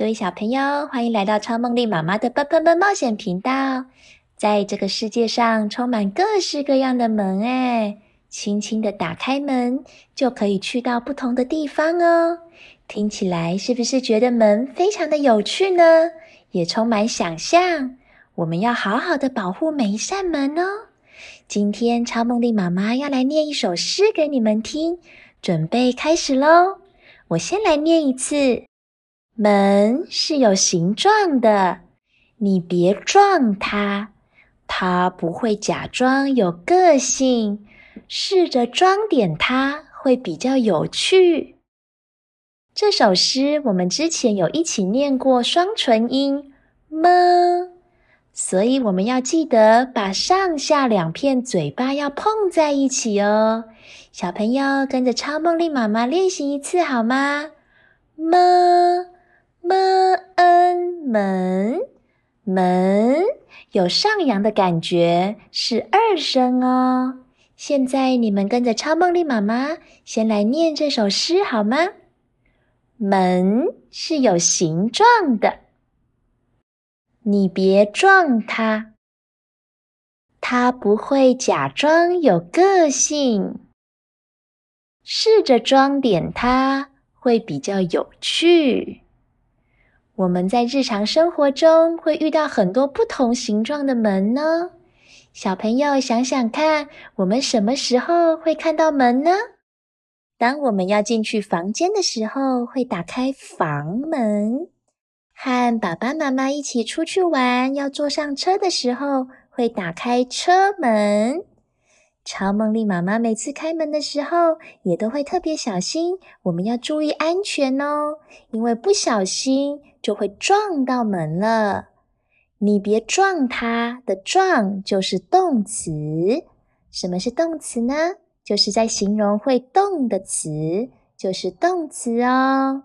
各位小朋友，歡迎來到超夢麗媽媽的“笨笨笨”冒險頻道。在這個世界上，充滿各式各樣的門哎，輕輕的打開門，就可以去到不同的地方哦。聽起來是不是覺得門非常的有趣呢？也充滿想象。我們要好好的保護每一扇門哦。今天超夢麗媽媽要來念一首詩給你們聽，準備開始嘍。我先來念一次。門是有形狀的，你別撞它，它不會假裝有個性。試着裝點它會比較有趣。這首詩我們之前有一起念過雙唇音 ㄇ，所以我們要記得把上下兩片嘴巴要碰在一起哦。小朋友跟着超夢麗媽媽練習一次好嗎？ㄇ。m en 門門，門有上揚的感覺，是二聲哦。現在你們跟着超夢麗媽媽先來念這首詩好嗎？門是有形狀的，你別撞它，它不會假裝有個性。試着裝點它，會比較有趣。我們在日常生活中會遇到很多不同形狀的門呢？小朋友想想看，我們什麼時候會看到門呢？當我們要進去房間的時候，會打開房門；和爸爸媽媽一起出去玩，要坐上車的時候，會打開車門。超夢麗媽媽每次開門的時候，也都會特別小心，我們要注意安全哦，因為不小心，就會撞到門了。你別撞它，的撞就是動詞。什麼是動詞呢？就是在形容會動的詞，就是動詞哦。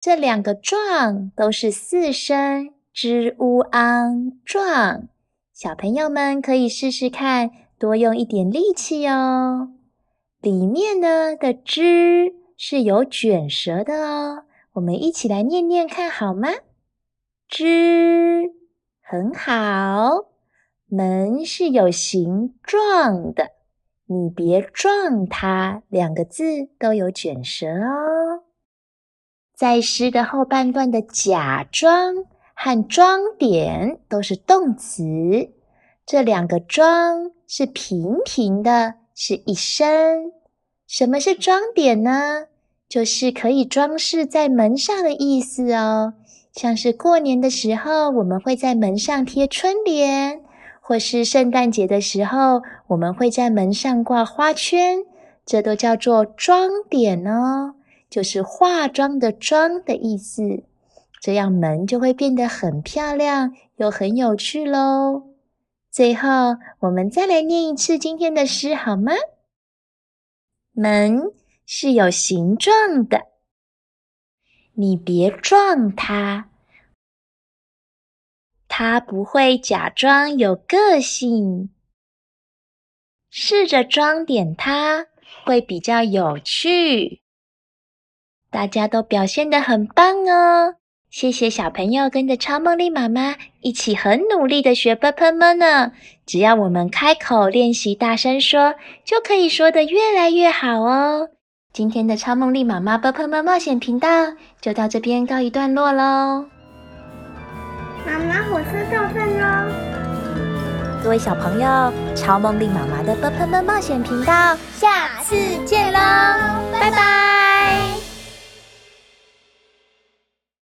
這兩個撞都是四聲，ㄓ ㄨ ㄤ 撞。小朋友們可以試試看，多用一點力氣哦。裡面呢的 ㄓ 是有捲舌的哦。我們一起來念念看好嗎？知，很好，門是有形狀的，你別撞它。兩個字都有捲舌哦。在詩的後半段的“假裝”和“裝點”都是動詞，這兩個“裝”是平平的，是一聲。什麼是“裝點”呢？就是可以裝飾在門上的意思哦。像是過年的時候，我們會在門上貼春聯，或是聖誕節的時候，我們會在門上掛花圈，這都叫做妝點哦，就是化妝的“妝”的意思。這樣門就會變得很漂亮，又很有趣嘍。最後，我們再來念一次今天的詩，好嗎？門。是有形狀的，你別撞它，它不會假裝有個性。試着妝點它，會比較有趣。大家都表現得很棒哦！謝謝小朋友跟着超夢麗媽媽一起很努力的學 ㄅㄆㄇ 呢。只要我們開口練習，大聲說，就可以說得越來越好哦。今天的超發霉媽媽 “ㄅㄆㄇ” 冒險頻道就到這邊告一段落嘍！媽媽，火車到站嘍！各位小朋友，超發霉媽媽的 “ㄅㄆㄇ” 冒險頻道，下次見嘍！拜拜。拜拜。